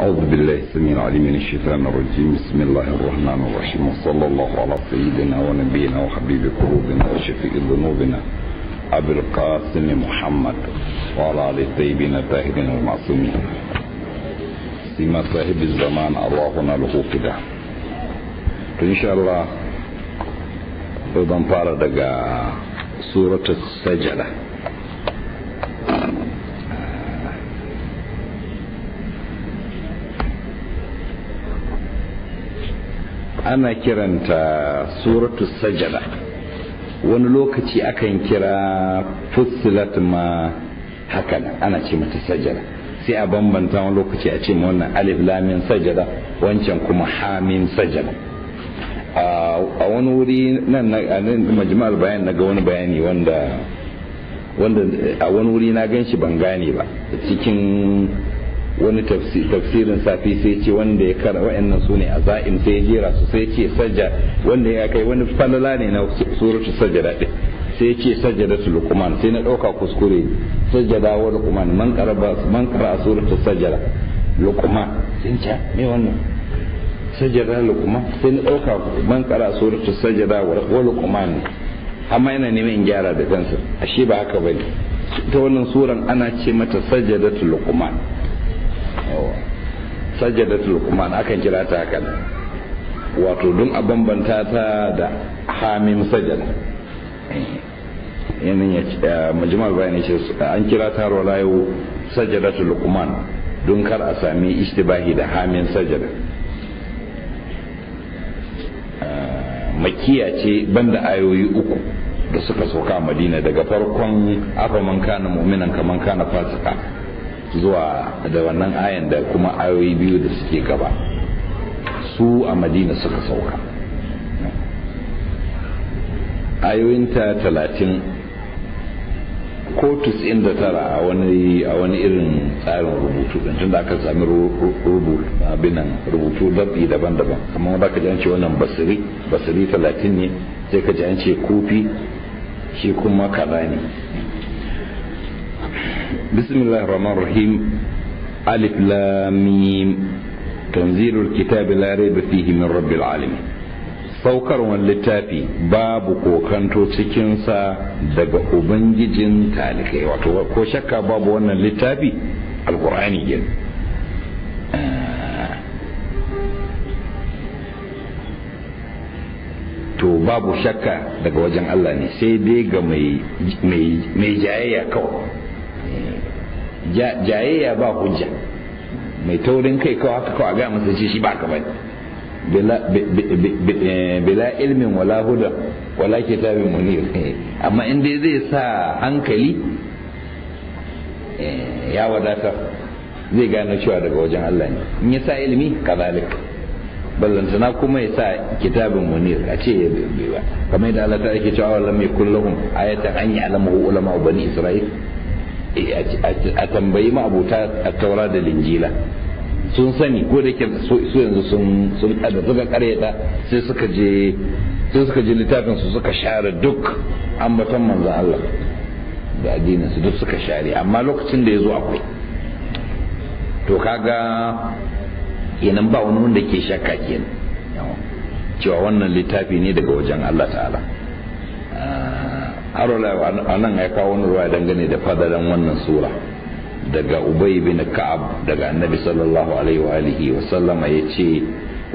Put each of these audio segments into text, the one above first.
أعوذ بالله السميع العليم من الشيطان الرجيم بسم الله الرحمن الرحيم وصلى الله على سيدنا ونبينا وحبيب قلوبنا وشفيع ذنوبنا أبي القاسم محمد وعلى آله الطيبين الطاهرين المعصومين سيما صاحب الزمان أرواحنا له كده إن شاء الله أيضا فارد سورة السجلة ana kiranta suratu sajada wani lokaci akan kira fusilat ma haka ana ce mata sajada sai a bambanta wani lokaci a ce ma wannan alif lamin sajada wancan kuma hamin sajada a wani wuri nan bayan na wani bayani wanda wanda a wani wuri na gan shi ban gane ba cikin wani tafsirin safi sai ce wanda ya kara wa'annan su ne a za'im sai jera su sai ce sajja wanda ya kai wani falala ne na suratu sajjada din sai ce sajjada su lukuman sai na ɗauka kuskure sajjada wa lukuman man karaba man kara a suratu lukuman sun ce ah, mai wannan sajjada lukuman sai na ɗauka man kara a suratu sajjada wa lukuman amma yana neman in gyara da kansa ashe ba haka bane ta wannan suran ana ce mata sajjadatul lukuman sajjadatul luqman akan kira ta haka wato dun a bambanta ta da hamim sajada eh, yanin ya eh, majmal bayani ce an kira ta rolayo sajadatul luqman dun kar a sami ishtibahi da hamin sajada eh, makiya ce banda ayoyi uku da suka sauka madina daga farkon afaman kana mu'minan kaman kana fasika zuwa da wannan ayan da kuma ayoyi biyu da suke gaba su a madina suka sauka ayoyinta talatin ko tara a wani a wani irin tsarin rubutu din tunda aka sami binan rubutu dabi daban-daban amma wanda ka ji wannan basiri basiri talatin ne sai ka ji kofi shi kuma kaza ne بسم الله الرحمن الرحيم ألف لاميم تنزيل الكتاب لا ريب فيه من رب العالمين saukar wani littafi babu kokanto cikinsa daga ubangijin talikai wato ko shakka babu wannan littafi alkur'ani yin to babu shakka daga wajen allah ne sai dai ga mai jayayya kawai jayayya ba hujja mai taurin kai kawai haka kawai ga masa shi ba ka bane eh, bila ilmin wala huda wala kitabin munir eh, amma inda zai sa hankali eh, ya wadata zai gano cewa daga wajen Allah ne in ya sa ilimi kazalik na kuma ya sa kitabin munir a ce ya bai ba kamar yadda Allah ta ake cewa lam yakul lahum ayatan an yi alamu ulama bani isra'il a tambayi ma ma'abota a taura da linjila sun sani ko da ke su yanzu sun kada suka karyata sai suka je sai suka je littafin su suka share duk ambaton manzo Allah da addinin su duk suka share amma lokacin da ya zo akwai to kaga kenan ba wani wanda ke shakka kenan cewa wannan littafi ne daga wajen Allah ta'ala harola a nan ya kawo wani ruwa dangane da fadalan wannan sura daga ubay bin ka'ab daga annabi sallallahu alaihi wa alihi wa sallama yace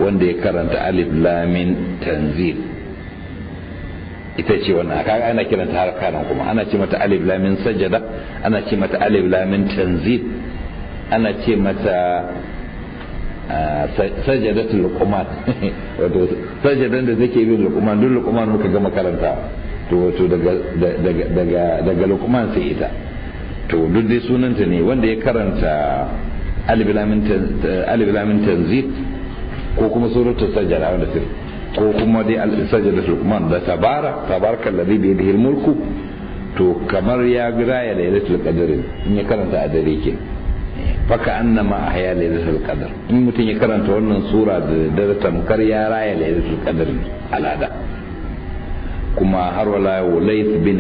wanda ya karanta alif lamin tanzil ita ce wannan kaga ana kiranta har nan kuma ana ce mata alif lamin sajada ana ce mata alif lamin tanzil ana ce mata sajadatul luqman wato sajadan da zake bin luqman duk luqman muka gama karantawa to wato daga daga lukman sai ita to duk dai sunanta ne wanda ya karanta alibilamin tanzit ko kuma suratul sajada wanda sai ko kuma dai sajada lukman da tabara tabarkan ladhi bi yadihi mulku to kamar ya raya lailatul qadr in ya karanta a dare ke faka annama ahya lailatul qadr in mutun ya karanta wannan sura da dare tamkar ya raya lailatul qadr al'ada kuma har wala Layth bin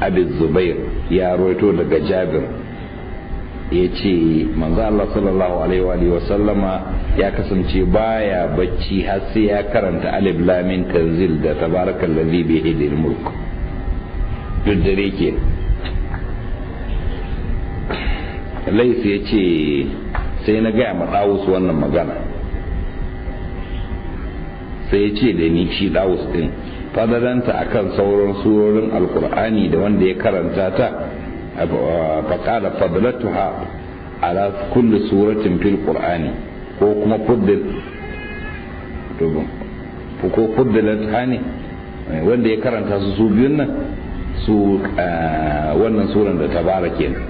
Abi Zubair ya roito daga Jabir ya ce manzo Allah sallallahu alaihi wa sallama ya kasance baya bacci har sai ya karanta alif lamin tanzil da tabarakal ladhi bi yadil mulk duk dare ke Layth ya ce sai na gaya ma Dawus wannan magana sai ya ce da ni shi Dawus din a akan sauran surorin alkur'ani da wanda ya karanta ta faƙala a ala kulli suratin fil qur'ani ko kuma fuddil ko fuddilat ne wanda ya karanta su su biyun nan su wannan suran da tabara kenan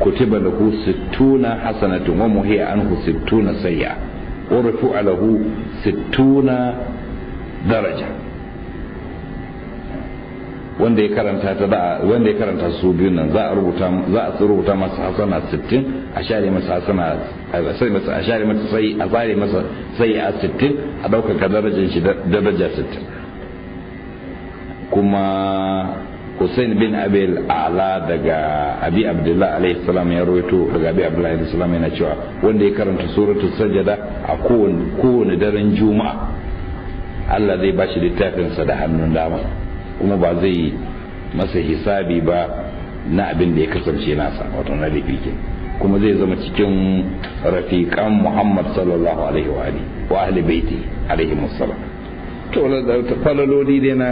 kutiba lahu sittuna hasanatun wa muhiya anhu sittuna sayya ورفع alahu sittuna daraja. wanda ya karanta ta da wanda ya karanta su biyun nan za a rubuta za a rubuta masa hasana 60 a share masa hasana a sai masa a share masa sai a bare masa sai a 60 a daukar ka darajar shi daraja 60 kuma Hussein bin Abil Ala daga Abi Abdullah alaihi salam ya rawaito daga Abi Abdullah alaihi salam yana cewa wanda ya karanta suratul sajada a kowane daren juma'a Allah zai bashi littafinsa da hannun dama kuma ba zai masa hisabi ba na abin da ya kasance nasa wato na rafiki kuma zai zama cikin rafiƙan Muhammad sallallahu alaihi wa alihi wa ahli baiti alaihi musalla to da falaloli dai na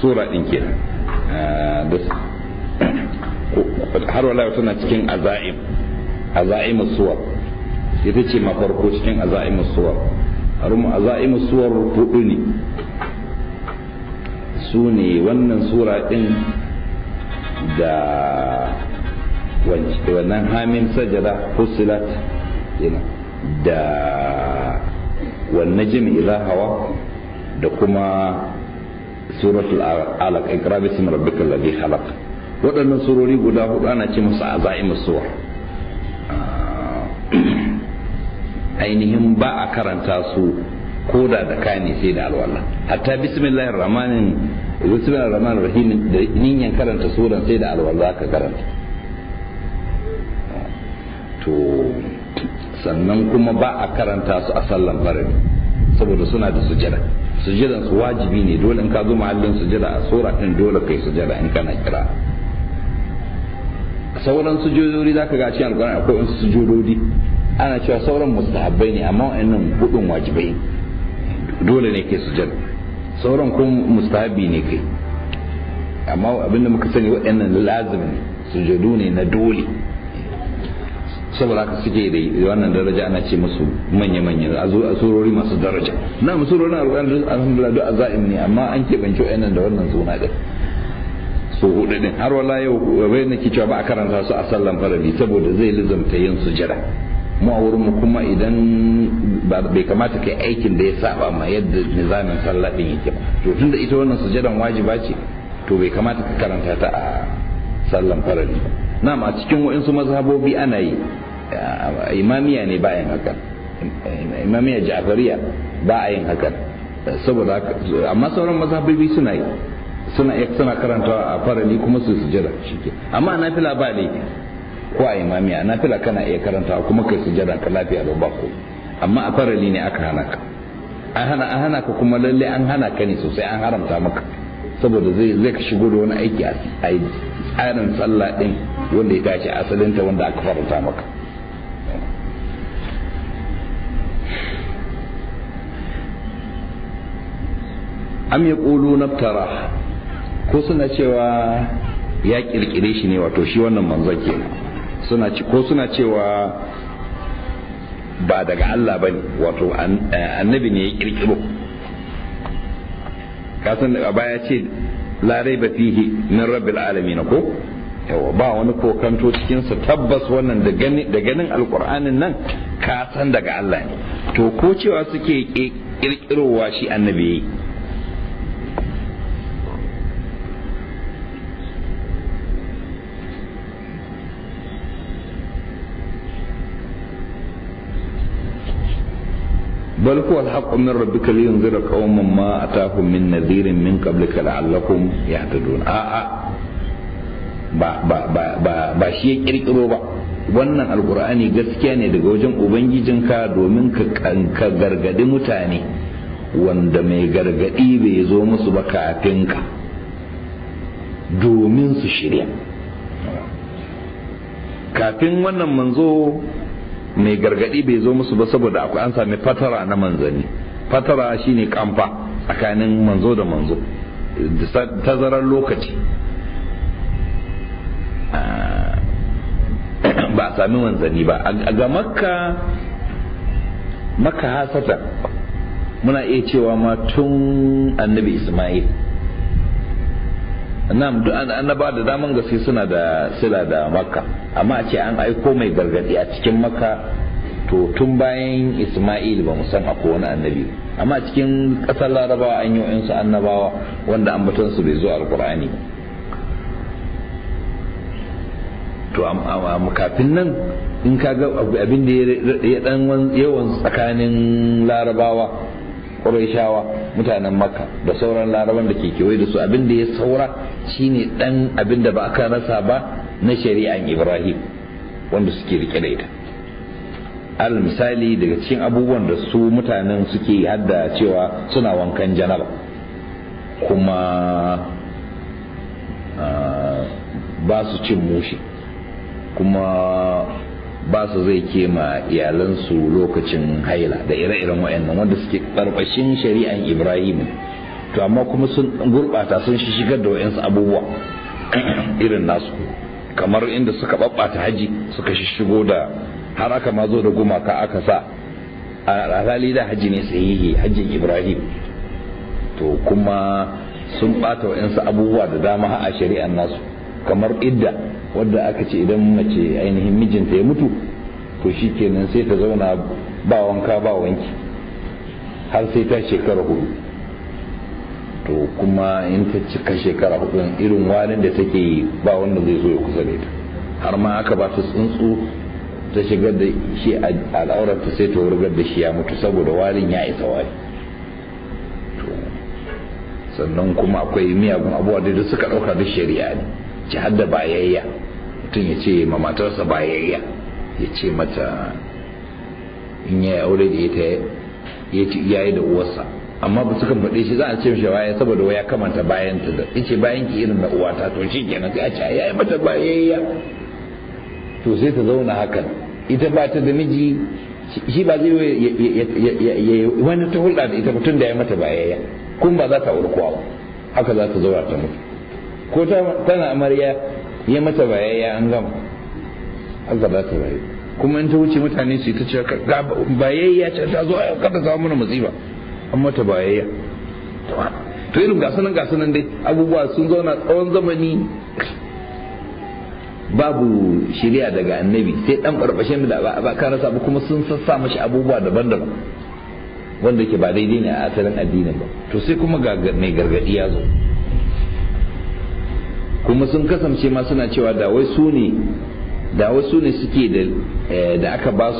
sura din ah, da. har wala tana cikin azaim azaim suwar ita ce mafarko cikin azaim suwar rumu azaim suwar hudu ne su ne wannan sura ɗin da wannan hamin sajada fusilat da wannan jimi hawa da kuma suratul alaq iqra bismi rabbikal ladhi khalaq waɗannan surori guda hudu ana ce musu azaimu suwa ah, ainihin ba a karanta su ko da da kane sai da alwala hatta bismillahir rahmanin bismillahir rahmanir rahim da niyan karanta suran sai da alwala ka karanta to sannan kuma ba a karanta su a sallan farin. saboda suna da sujada sujadan su wajibi ne dole in ka zo mahallin sujada a sura din dole kai sujada in kana kira sauran sujudori zaka ga cikin alkur'ani akwai wasu sujudodi ana cewa sauran mustahabbai ne amma wa'annan hudun wajibai dole ne ke jar sauran kun mustahabi ne kai amma abinda muka sani waɗannan lazim ne sujadu ne na dole saboda haka suke da wannan daraja ana ce musu manya-manya a surori masu daraja na na musurorin alhamdulillah duk azaim ne amma an keɓance waɗannan da wannan suna ɗin su hudu ɗin har wala yau bai nake cewa ba a karanta su a sallan farabi saboda zai lizamta yin sujada mu a wurin mu kuma idan bai kamata kai aikin da ya saba ma yadda nizamin sallah din yake ba to tunda ita wannan sujadan wajiba ce to bai kamata ka karanta ta a sallan farali na ma cikin wa'insu mazhabobi ana yi imamiya ne ba yin hakan imamiya ja'fariya ba a yin hakan saboda amma sauran mazhabobi suna yi suna karanta karantawa a farali kuma su sujada shike amma fila ba ne ko a imami a nafila kana iya karanta kuma kai sujada ka lafiya da bako amma a farali ne aka hana ka an hana an hana ka kuma lalle an hana ka ne sosai an haramta maka saboda zai zai ka shigo da wani aiki a tsarin sallah din wanda ya tashi asalinta wanda aka faranta maka am ya ƙulu naftara ko suna cewa ya ƙirƙire shi ne wato shi wannan manzon kenan suna ci ko suna cewa ba daga Allah ba ne wato eh, annabi ne ya kirkiro kasan a baya ce larai ba fihi min rabbil alamin ko yawa ba wani kokanto sa tabbas wannan da ganin alqur'anin nan ka san daga Allah ne to ko cewa suke kirkirowa shi annabi بل هو الحق من ربك لينذر قوما ما اتاهم من نذير من قبلك لعلكم يهتدون آآ آآ ba با ba shi ya kirkiro ba wannan alkur'ani gaskiya ne daga wajen ubangijinka domin ka gargadi mutane wanda mai gargadi bai zo musu ba kafin ka domin su shirya kafin wannan manzo mai gargadi bai zo musu ba saboda akwai an sami fatara na manzanni fatara shine kamfa tsakanin manzo da manzo tazarar lokaci ah, ba a sami manzanni ba ga makka makka hasata muna iya cewa ma tun annabi ismail nam duk annaba da daman gaske suna da sila da makka amma a ce an aiko mai gargadi a cikin makka to tun bayan isma'il ba san a wani annabi amma a cikin ƙasar larabawa an yi wa'insu annabawa wanda su bai zo alkur'ani to kafin nan in ka abin da ya dan yawan tsakanin larabawa ƙurayshawa mutanen makka da sauran laraban da ke kewaye da su abin da ya saura shine dan abin da ba aka rasa ba na shari'an ibrahim wanda suke rike da ita al misali daga cikin abubuwan da su mutanen suke hadda cewa suna wankan janaba kuma ah, ba su cin mushi kuma ba su zai kema iyalansu lokacin haila da ire-iren wayannan wanda suke karbashin shari'an ibrahim to amma kuma sun gurɓata sun shigar da wayansu abubuwa irin nasu kamar inda suka babbata haji suka shigo da har aka ma zo da gumaka aka sa a hali da haji ne sahihi hajjin ibrahim to kuma sun ɓata wayansu abubuwa da dama a shari'an nasu kamar idda wadda aka ce idan mace ainihin mijinta ya mutu to shi kenan sai ta zauna ba wanka ba wanki har sai ta shekara hudu to kuma in ta cika shekara hudun irin walin da take yi ba wanda zai zo ya kusa da ita har ma aka ba ta tsuntsu ta shigar da shi al'aurarta sai ta wurgar da shi ya mutu saboda walin ya isa wali sannan kuma akwai miyagun abuwa da suka ɗauka da shari'a ne ci har da bayayya mutum ya ce ma matarsa bayayya ya ce mata in ya aure da ita ya ci iyaye da uwarsa amma ba suka faɗe shi za a ce mishi baya saboda waya kamanta bayan ta da ce bayan ki irin na uwata to shi kenan sai a ce mata bayayya to sai ta zauna hakan ita ba ta da miji shi ba zai wani ta hulɗa da ita mutum da ya mata bayayya kun ba za ta auri kowa haka za ta zauna ta mutu ko tana amarya ya mata bayayya an gama Allah ba ta bayi kuma in ta wuce mutane su ta ce bayayya ce ta zo kada zama mana musiba an mata bayayya to irin gasunan gasunan dai abubuwa sun zo na tsawon zamani babu shirya daga annabi sai dan barbashe da ba ka rasa ba kuma sun sassa mashi abubuwa daban-daban wanda ke ba daidai ne a asalin addinin ba to sai kuma ga mai gargadi ya zo kuma sun kasance ma suna cewa da wai su ne da su ne suke da eh, aka ba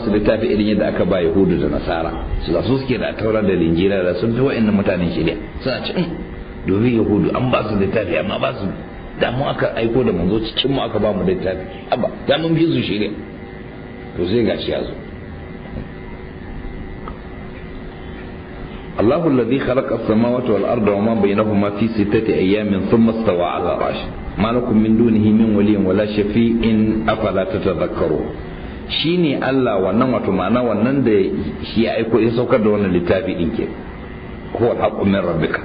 su littafi irin yadda aka ba yahudu da nasara su za su suke da taurar da linjira da sun fi wa'annan mutanen shirya suna ce eh, domin yahudu an ba su littafi amma ba su da mu aka aiko da manzo cikin mu aka ba mu littafi abba da mun bi su shirya to sai gashi ya zo الله الذي خلق السماوات والأرض وما بينهما في ستة أيام ثم استوى على العرش ما لكم من دونه من ولي ولا شفيع أفلا تتذكرون Allah wannan wato ma'ana wannan da shi ya aiko ya saukar da wannan littafi din ke huwa haqqu min rabbika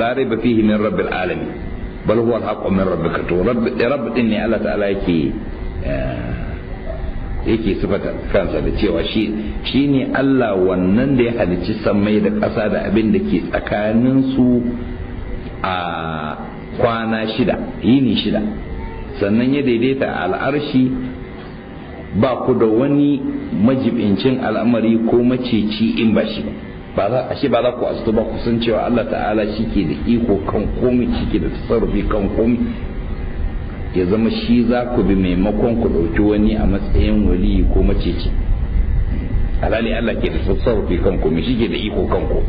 la raiba fihi min rabbil alamin bal huwa haqqu min rabbika to rabb din ne Allah ta'ala yake eh, yake sifata kansa da cewa shi ne Allah wannan da ya halicci sammai da ƙasa da abin da ke tsakanin su a kwana shida yini shida sannan ya daidaita a al'arshi ba ku da wani majibincin al'amari ko macici in ba shi ba za a shi ba za ku astu ba ku san cewa Allah ta'ala shi ke da iko kan komi shi ke da tasarrufi kan komi ya zama shi za ku bi maimakon ku ɗauki wani a matsayin wali ko macece alali Allah ke da sassarfi kanku mai shi ke da iko kanku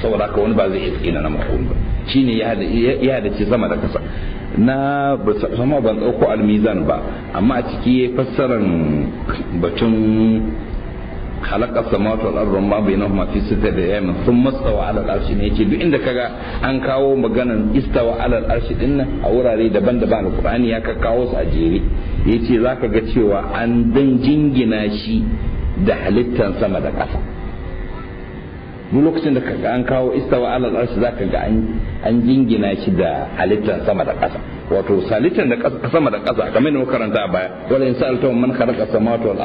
saboda haka wani ba zai iske na nama ba shi ne ya ce sama da kasa na sama ban tsoko almizan ba amma a ciki ya fassaran batun خلق السماوات والارض arda بينهما في fi ايام ثم استوى على العرش al arshi ne كغا duk inda kaga an kawo maganan دين ala al arshi din a wurare daban-daban alqur'ani ka kawo su a jere yace zaka ga cewa an jingina shi da halittan sama da ƙasa duk lokacin da kaga an kawo istawa alal al zaka ga an jingina shi da halittan sama da ƙasa wato halittan da sama da ƙasa kamar yadda muka karanta a baya wala in sa'altahum man khalaqa samawati wal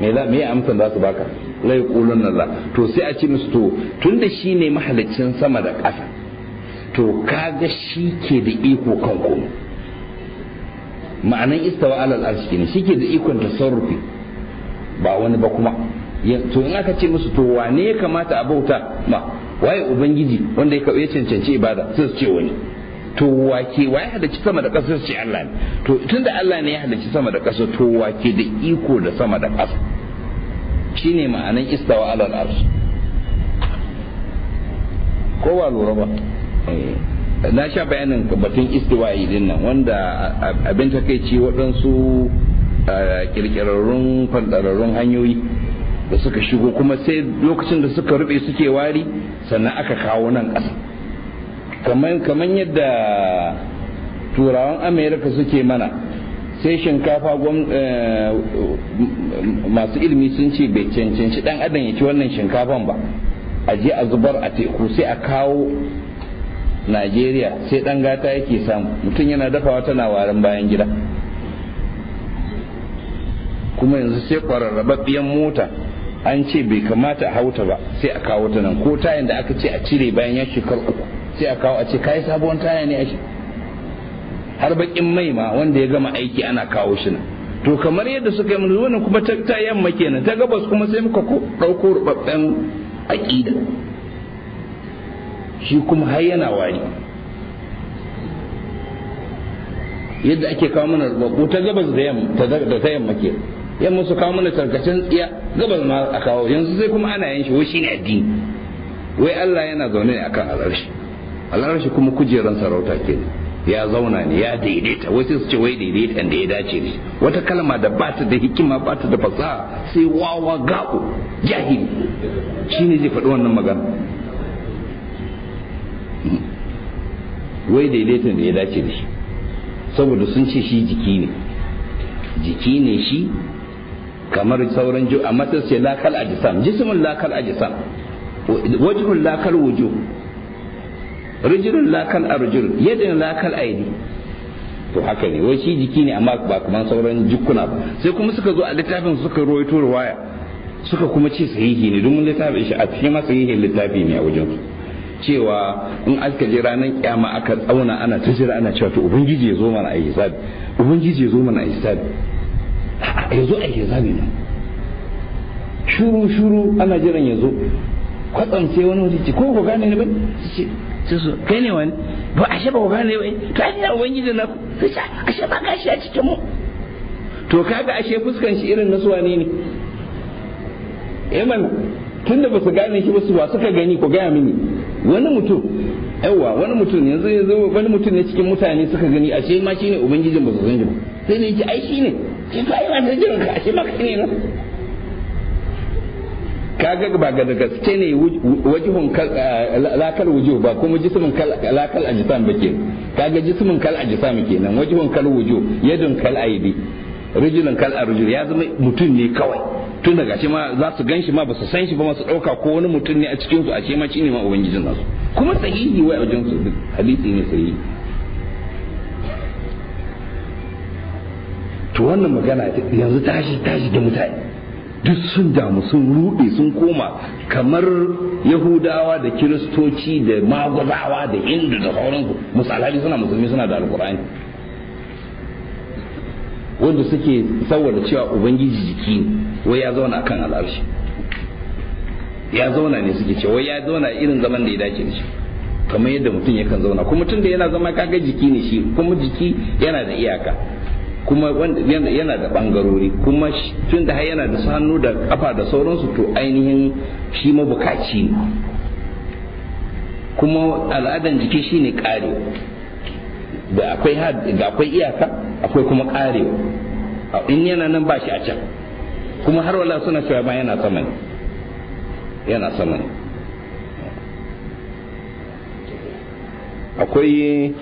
me za me amsan za su baka la yaqulun la to sai a ce musu to tunda shine mahaliccin sama da ƙasa to kaga shi ke da iko kan komai ma'anan istawa alal arshi ne shi ke da ikon tasarrufi ba wani ba kuma to in aka ce musu to wane ya kamata a bauta ma waye ubangiji wanda ya cancanci ibada sai su ce wani to wake wa ya halicci sama da ƙasa shi Allah ne to tunda Allah ne ya halicci sama da ƙasa to wake da iko da sama da ƙasa shine ma'anan istawa alal arsh ko ba lura ba eh, na sha bayanin batun istiwa'i din nan wanda abin takaici waɗansu kirkirarrun fandararrun hanyoyi da suka shigo kuma sai lokacin da suka rube suke wari sannan aka kawo nan ƙasa kamar yadda turawan amerika suke mana sai shinkafa eh, masu ilimi sun ce bai cancanci dan adam ya ci wannan shinkafan ba a je a zubar a teku sai a kawo najeriya sai dan gata yake samu mutum yana dafawa tana warin bayan gida kuma yanzu sai biyan mota an ce bai kamata a hauta ba sai a kawo ta nan ko tayin da aka ce a cire bayan ya shekar uku sai a kawo a ce kai sabuwar taya ne ake har bakin mai ma wanda ya gama aiki ana kawo shi nan to kamar yadda suka yi wannan kuma ta ta yamma kenan ta gabas kuma sai muka ɗauko rubabben aƙida shi kuma har yana wari yadda ake kawo mana rubabbu ta gabas da yamma da ta yamma kenan yamma su kawo mana tarkacen tsiya gabas ma a kawo yanzu sai kuma ana yin shi wai shine addini wai Allah yana zaune ne akan al'arshi al'arshi kuma kujeran sarauta ke ya zauna ne ya daidaita wasu su ce wai daidaita da ya dace ne wata kalma da ba ta da hikima ba ta da fasaha sai wawa ga'u jahili ne zai faɗi wannan magana wai daidaita da ya dace da shi saboda sun ce shi jiki ne jiki ne shi kamar sauran jo a matsar ce lakal ajisam jisimin lakal ajisam wajibin lakal wujo rijulun lakal arjul yadin lakal aidi to haka ne wai shi jiki ne amma ba kaman sauran jikuna ba sai kuma suka zo a littafin suka rawaito riwaya suka kuma ce sahihi ne domin littafin shi a cikin ma sahihin littafi ne a wajen cewa in aka je ranar kyama aka tsauna ana ta jira ana cewa to ubangiji ya zo mana a hisabi ubangiji ya zo mana a hisabi ya zo a hisabi ne shuru shuru ana jiran ya zo kwatsam sai wani wajen ce ko ku gane ne ba ce sai su kai ne wani ba ashe ba ne wai to ai ina ubangiji na ku sai ce ashe ba shi a cikin mu to kaga ashe fuskan shi irin na ne ne eh yaman tunda ba su gane shi ba su ba suka gani ko gaya mini wani mutum yawa wani mutum yanzu yanzu wani mutum ne cikin mutane suka gani ashe ma ne ubangijin ba su san ba sai ne yake ai ne. sai to ai ma sai jiran ka ashe ma ka ne na kaga ba ga gaske ne wajihun eh, lakal wujuh ba kuma jismin lakal ajsam ba ke kaga jismin kal ajsam kenan wajihun kal wujuh yadun kal aibi rijulun kal arjul ya zama mutum ne kawai tun daga shi ma za su gan shi ma ba su san shi ba su ɗauka ko wani mutum ne a cikin su a ce ma shi ne ma ubangijin nasu kuma sahihi wai a wajen su hadisi ne sahihi to wannan magana yanzu tashi tashi da mutane duk sun damu sun ruɗe sun koma kamar yahudawa da kiristoci da magwazawa da hindu da sauransu misalai suna musulmi suna da alkur'ani wanda suke saboda cewa ubangiji jiki wai ya zauna kan al'arshi ya zauna ne suke cewa ya zauna irin zaman da ya dace da shi kamar yadda mutum yakan zauna kuma tun da yana zama kaga jiki ne shi kuma jiki yana da iyaka kuma yana da bangarori kuma tun da yana da su hannu da kafa da sauransu to ainihin shi mabukaci ne kuma al'adan jiki shi ne kare da akwai iyaka akwai kuma karewa in yana nan ba shi a can kuma har wala suna cewa ma yana sama ne yana sama ne akwai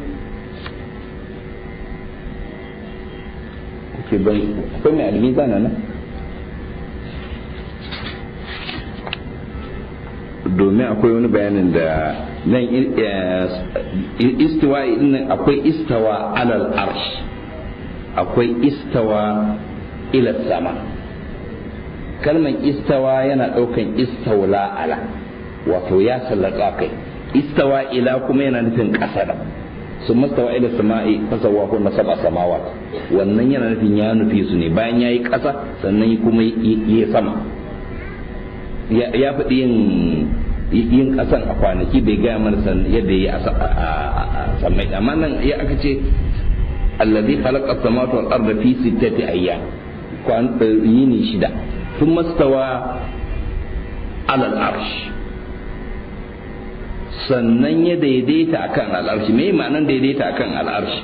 ce bai akwai mai almizan nan domin akwai wani bayanin da nan eh, istawa nan eh, akwai istawa alal arsh akwai istawa ila sama kalman istawa yana daukan istawla ala wato ya sallaka kai istawa ila kuma yana nufin ƙasa sun mastawa ila sama'i fasawwa kunna sab'a samawat wannan yana nufin ya nufi su ne bayan yayi ƙasa sannan kuma ya sama ya faɗi yin yin ƙasan a kwanaki bai gaya mana san yadda ya a samai amma nan ya aka ce allazi khalaqa samawati wal arda fi sittati ayyam kwan eh, yini shida sun mastawa ala al arsh sannan ya daidaita akan al'arshi mai ma'anan daidaita akan al'arshi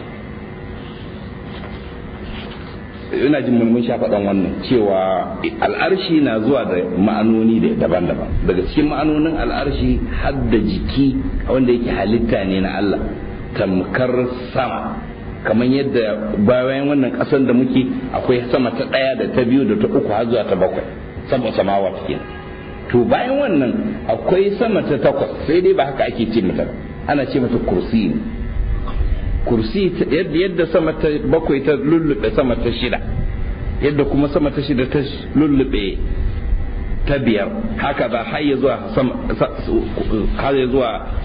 ina jin mulmun shafaɗan wannan cewa al'arshi na zuwa da ma'anoni daban-daban daga cikin ma'anonin al'arshi har da jiki wanda yake halitta ne na Allah tamkar sama kamar yadda bayan wannan kasar da muke akwai sama ta ɗaya da ta biyu da ta uku har zuwa ta bakwai sama samawa kenan to bayan wannan akwai sama ta takwas sai dai ba haka ake ce mata ana ce mata kursi ne kursi yadda sama ta bakwai ta lullube sama ta shida yadda kuma sama ta shida ta lullube ta biyar haka ba har ya zuwa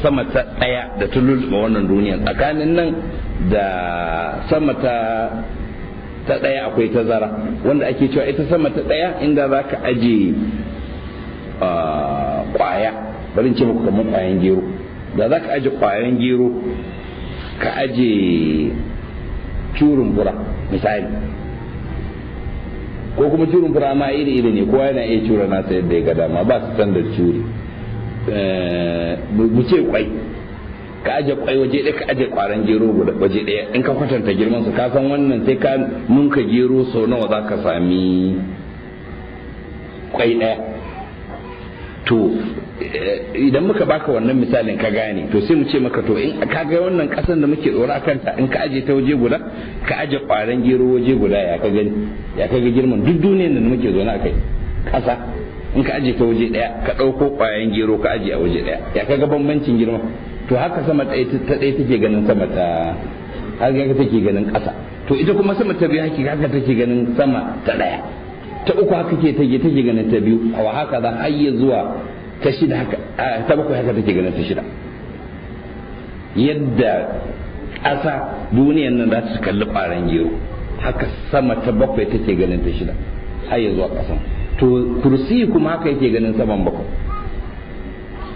sama ta daya da ta lullube wannan duniya tsakanin nan da sama ta ta daya akwai tazara wanda ake cewa ita sama ta daya inda zaka aje kwaya bari ce muku kamar kwayan gero da za ka aje kwayan gero ka aje curin fura misali ko kuma curin fura ma iri iri ne kowa yana iya cura nasa yadda ya ga dama ba su san da curi eh, mu ce kwai ka aje kwai waje ɗaya ka aje kwaran gero waje ɗaya in ka kwatanta girman su ka san wannan sai ka nunka gero sau nawa za ka sami kwai ɗaya to eh, idan muka baka wannan misalin ka gane to sai mu ce maka to in ka ga wannan kasan da muke dora kanta in ka aje ta waje guda ka aje kwaran gero waje guda ya ka gani ya ka ga girman duk duniyar da muke na kai kasa in ka aje ta waje daya ka dauko kwayan gero ka aje a waje daya ya ka ga bambancin girma to haka sama ta dai take ganin sama ta har ga take ganin kasa to ita kuma sama ta biyu haka take ganin sama ta daya ta uku haka ke take take ganin ta biyu a haka za a yi zuwa ta shida haka ta bakwai haka take ganin ta shida yadda ƙasa duniyan nan za ta kalli ƙwaron gero haka sama ta bakwai take ganin ta shida har yi zuwa ƙasan to kursi kuma haka yake ganin saman bakwai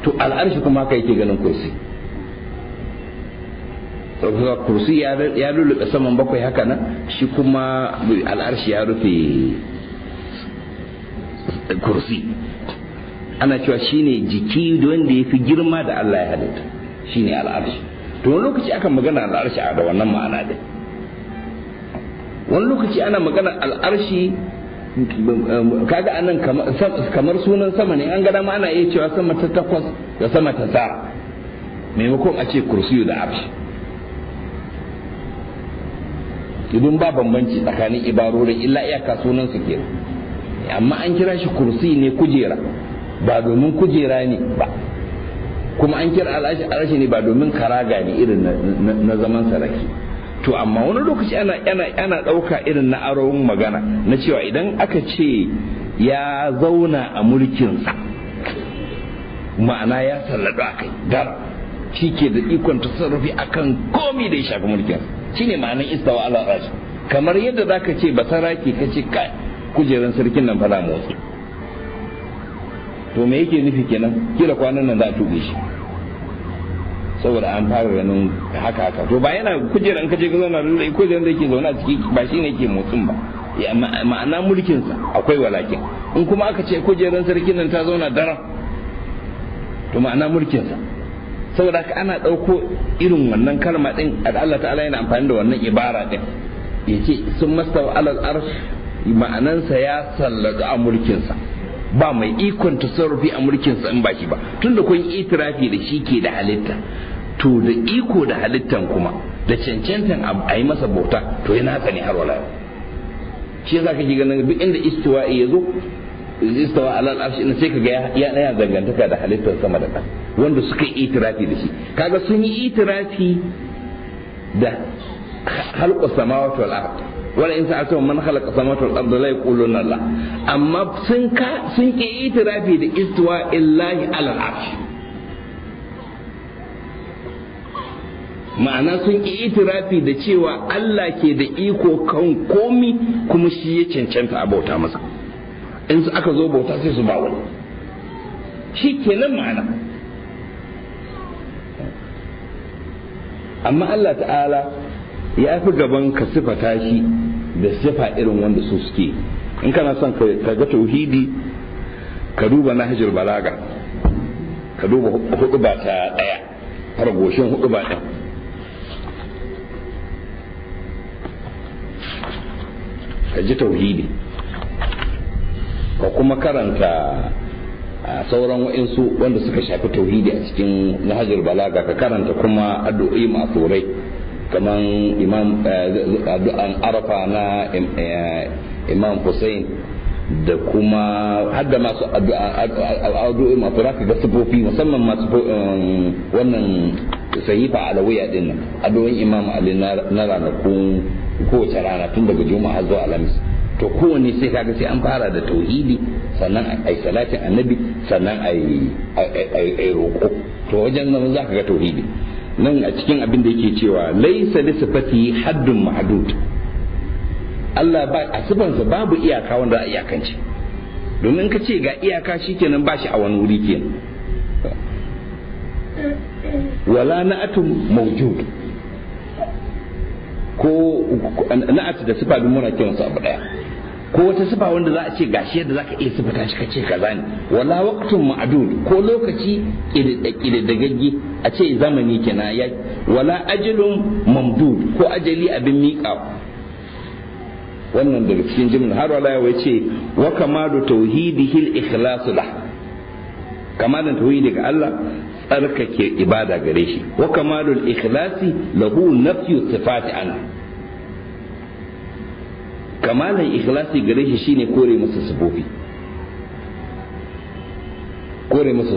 to al'arshi kuma haka yake ganin kursi kursi ya lulluɓe saman bakwai haka nan shi kuma al'arshi ya rufe kursi ana cewa shine jiki wanda ya fi girma da Allah ya halitta shine al'arshi to wani lokaci aka magana al'arshi a da wannan ma'ana din wani lokaci ana magana al'arshi kaga anan kamar sunan sama ne an gada ma ana iya cewa sama ta takwas da sama ta tara maimakon a ce kursi da arshi idan ba bambanci tsakanin ibarorin illa iyaka sunan su kenan ne amma an kira shi kursi ne kujera ba domin kujera ne ba kuma an kira al'arshi ne ba domin karaga ne irin na zaman saraki to amma wani lokaci ana ana ana ɗauka irin na aron magana na cewa idan aka ce ya zauna a mulkin sa, ma'ana ya salladu a kai dara shi ke da ikon tasarrufi akan komi da ya shafi mulkinsa shine ma'anan istawa ala rashi kamar yadda zaka ce basaraki ka ce kai kujeran sarkin nan fara motsi to me yake nufi kenan kila kwanan nan za a tube shi saboda an fara ganin haka haka to ba yana kujeran kaje ka zauna da kujeran da yake zauna a ciki ba shi ne yake motsin ba ma'ana mulkinsa akwai walakin in kuma aka ce kujeran sarkin nan ta zauna daram to ma'ana mulkinsa saboda haka ana ɗauko irin wannan kalma ɗin Allah ta'ala yana amfani da wannan ibara ɗin ya ce sun masta alal arsh ma'anansa ya sallaga a mulkinsa ba mai ikon sarrafi a mulkinsa in ba shi ba tunda kun itirafi da shi ke da halitta to da iko da halittan kuma da cancantan a yi masa bauta to yana tsani har wala shi yasa kake ganin duk inda istiwa'i ya zo istawa alal arshi sai ka ga ya daya zangantaka da halittar sama da ƙasa wanda suka yi itirafi da shi kaga sun yi itirafi da halqa samawati wal ardh wala in sa'a man khalaqa samawati wal arda la yaquluna la amma sun ka sun ki itirafi da istiwa illahi ala arsh ma'ana sun ki itirafi da cewa Allah ke da iko kan komi kuma shi ya cancanta a bauta masa in su aka zo bauta sai su ba wani shi kenan ma'ana amma Allah ta'ala ya fi gaban ka sifata shi da sifa irin wanda su suke in kana son ka ga tauhidi ka duba hajjar balaga ka duba hudu ba ta daya fargoshin hudu ba ta ka ji tauhidi ka kuma karanta a sauran wa'insu wanda suka shafi tauhidi a cikin nahjul balaga ka karanta kuma addu'o'i masu rai kaman imam eh, addu'an arafa na eh, imam hussein da kuma hadda masu addu'o'i masu rafi da sufofi musamman masu um, wannan sahifa alawiya din addu'o'in imam ali na ranakun kowace rana tun daga juma'a zuwa alhamis to kowanne sai kaga sai an fara da tauhidi sannan ai salatin annabi sannan ai roko to wajen nan za ka ga tauhidi nan a cikin abin da yake cewa laisa li sifati haddun mahdud Allah ba a sifansa babu iyaka wanda za a iyakance domin ka ce ga iyaka shikenan ba shi a wani wuri kenan wala na'atun mawjud ko na'at da sifa duk muna kiran su abu daya ko wata sifa wanda za a ce gashi yadda zaka iya sifata shi kace kaza ne wala waqtun ma'dud ko lokaci kididdigagge a ce zamani kina ya wala ajalun mamdud ko ajali abin miƙa wannan daga cikin jimla har wala ya ce wa kamalu tauhidihil ikhlasu ikhlas lah kamalin tauhidi ga Allah tsarkake ibada gare shi wa kamalul ikhlasi lahu nafyu sifati an kamalin ikhlasi gare shi shine kore masa sufofi kore masa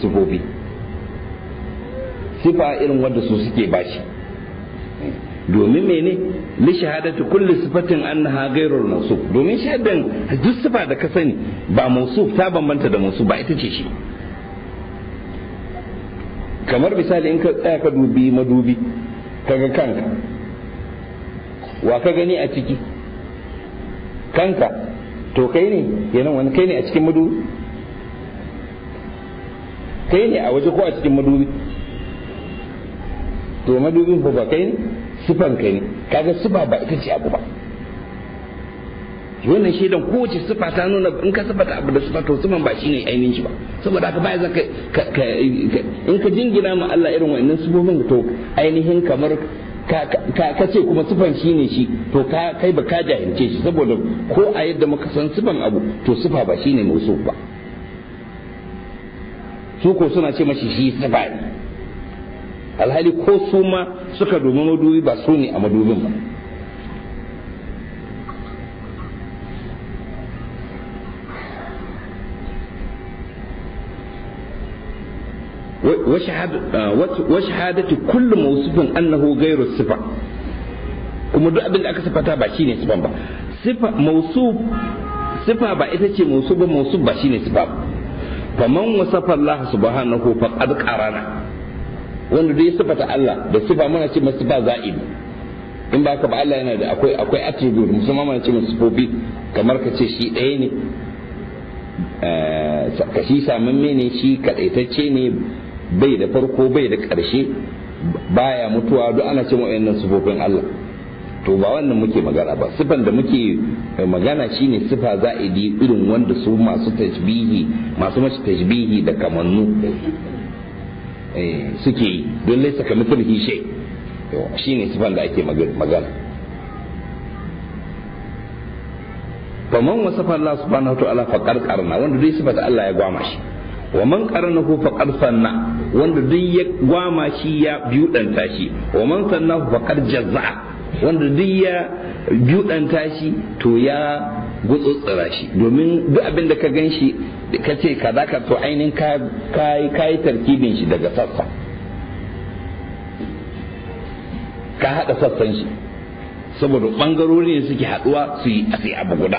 sifofi. sifa irin wadda su suke bashi domin mene li shahadatu kulli sifatin annaha ghayrul mawsuf domin shahadan duk sifa da ka sani ba mawsuf ta bambanta da mawsuf ba ita ce shi kamar misali in ka tsaya ka dubi madubi kaga kanka wa ka gani a ciki kanka to kai ne yana wani kai ne a cikin madubi kai ne a waje ko a cikin madubi to madubin ba kai sifan kai ne kaga sifa ba ita ce abu ba wannan shaidan kowace sifa ta nuna in ka sifata abu da sifa to sifan ba shine ainihin shi ba saboda haka baya zaka in ka jingina ma Allah irin wannan sifofin to ainihin kamar ka ce kuma sifan shi ne shi to kai ba ka jahilce shi saboda ko a yadda muka san sifan abu to sifa ba shi ne musu ba su ko suna ce mashi shi sifa ne alhali ko su ma suka domin madubi ba su ne a madubin ba kullum كل موصوف annahu gairu الصفة kuma duk abin da aka sifata ba shine sifan ba sifa mausuf sifa ba ita ce mausuf ba mausuf ba shine sifa ba faman wasafa Allah subhanahu faqad qarana wanda duk ya sifata Allah da sifa muna ce masu sifa za'ibi in ba ka ba Allah yana da akwai akwai attribute musamman muna ce masu sifofi kamar ka ce shi ɗaya ne ka eh, shi samun mene shi kaɗaitacce ne bai da farko bai da ƙarshe baya mutuwa duk ana ce nan sifofin Allah to ba wannan muke magana ba sifan da muke magana shine sifa za'idi irin wanda su masu tajbihi masu mace tajbihi da kamannu Eh, suke yi don laisa ka mutum hishe shi ne sifan da ake magana faman wasafa Allah subhanahu wa ta'ala faƙar qarna wanda dai sifar Allah ya gwama shi wa man qaranahu faqad sanna wanda duk ya gwama shi ya biudanta shi wa man sanna faqad jazza wanda duk ya biudanta shi to ya gutsutsura shi domin duk abin da ka gan shi ka ce ka za ka to ainihin ka yi tarkibin shi daga sassa ka haɗa sassan shi saboda ɓangarori ne suke haɗuwa su yi a abu guda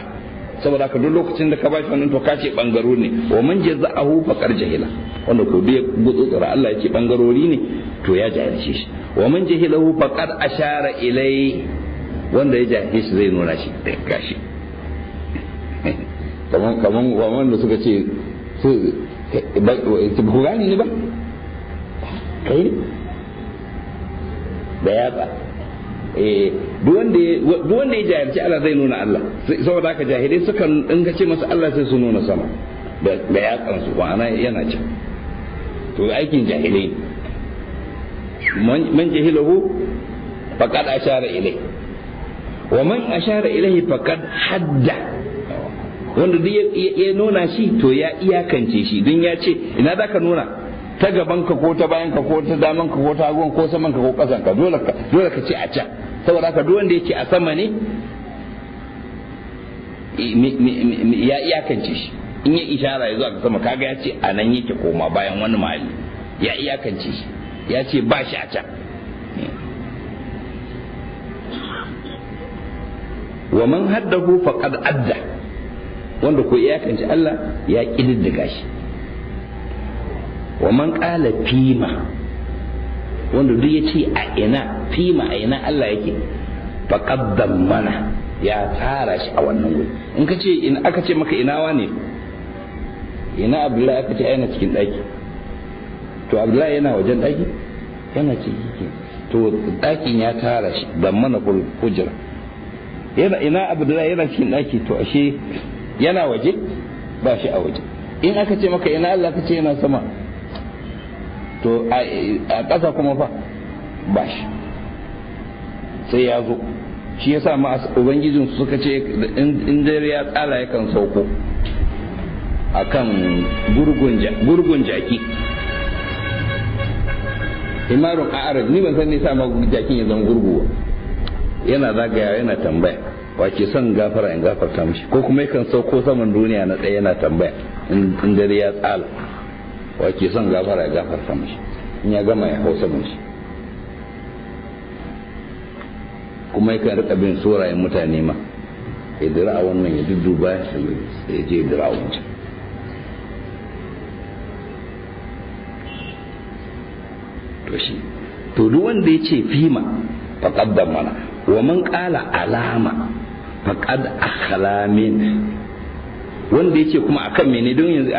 saboda haka duk lokacin da ka ba shi wani to ka ce ɓangarori ne wa man jazza'ahu faqar jahila wanda ko duk gutsutsura Allah ce ɓangarori ne to ya jahilce shi wa man jahilahu faqad ashara ilai wanda ya jahilce shi zai nuna shi gashi kaman kaman wanda suka ce su ku gani ni ba kai ne da yatsa eh, duk wanda ya jahilci Allah zai nuna Allah saboda haka jahilai sukan in ka ce masa Allah sai su nuna sama da su, wa'ana yana can to aikin jahilai man jahilahu faqad ashara ilai wa man ashara ilai faqad hadda wanda duk ya nuna shi to ya iyakance shi don ya ce ina za ka nuna ta gaban ka ko ta bayan ka ko ta daman ka ko ta hagun ko saman ka ko kasan ka dole ka ce a can saboda ka duk wanda yake a sama ne ya iyakance shi in ya ishara ya zuwa ka sama kaga ya ce a nan yake koma bayan wani mali ya iyakance shi ya ce ba shi a can wa man haddahu faqad adda wanda ko iyakanci Allah ya ƙididdiga shi wa man ƙala fima wanda duk ya ce a ina fima a ina Allah yake faƙaddan mana ya tara shi a wannan guri in ka ce in aka ce maka ina wane ina abdullahi aka ce a yana cikin ɗaki to abdullahi yana wajen ɗaki yana cikin to ɗakin ya tara shi ban mana kujira yana ina abdullahi yana cikin ɗaki to ashe yana waje ba shi a waje in aka ce maka ina Allah ka ce yana sama to a ƙasa kuma fa ba shi sai ya zo shi ya sa ma ubangijin suka ce in dare ya tsala yakan sauko a kan gurgun jaki imarun a arab ni ban san nisa ma jakin ya zan gurguwa yana zagaya yana tambaya wa ke son gafara in gafarta mishi ko kuma yakan sauko saman duniya na ɗaya yana tambaya in dare ya tsala wa ke son gafara ya gafarta mishi in ya gama ya hau saman shi kuma yakan rika bin sorayen mutane ma ya dira a wannan ya dudduba ya je dira a wancan to to duk wanda ya ce fima faƙaddan mana wa man ƙala alama faqad akhala min wanda yake kuma akan mene don yanzu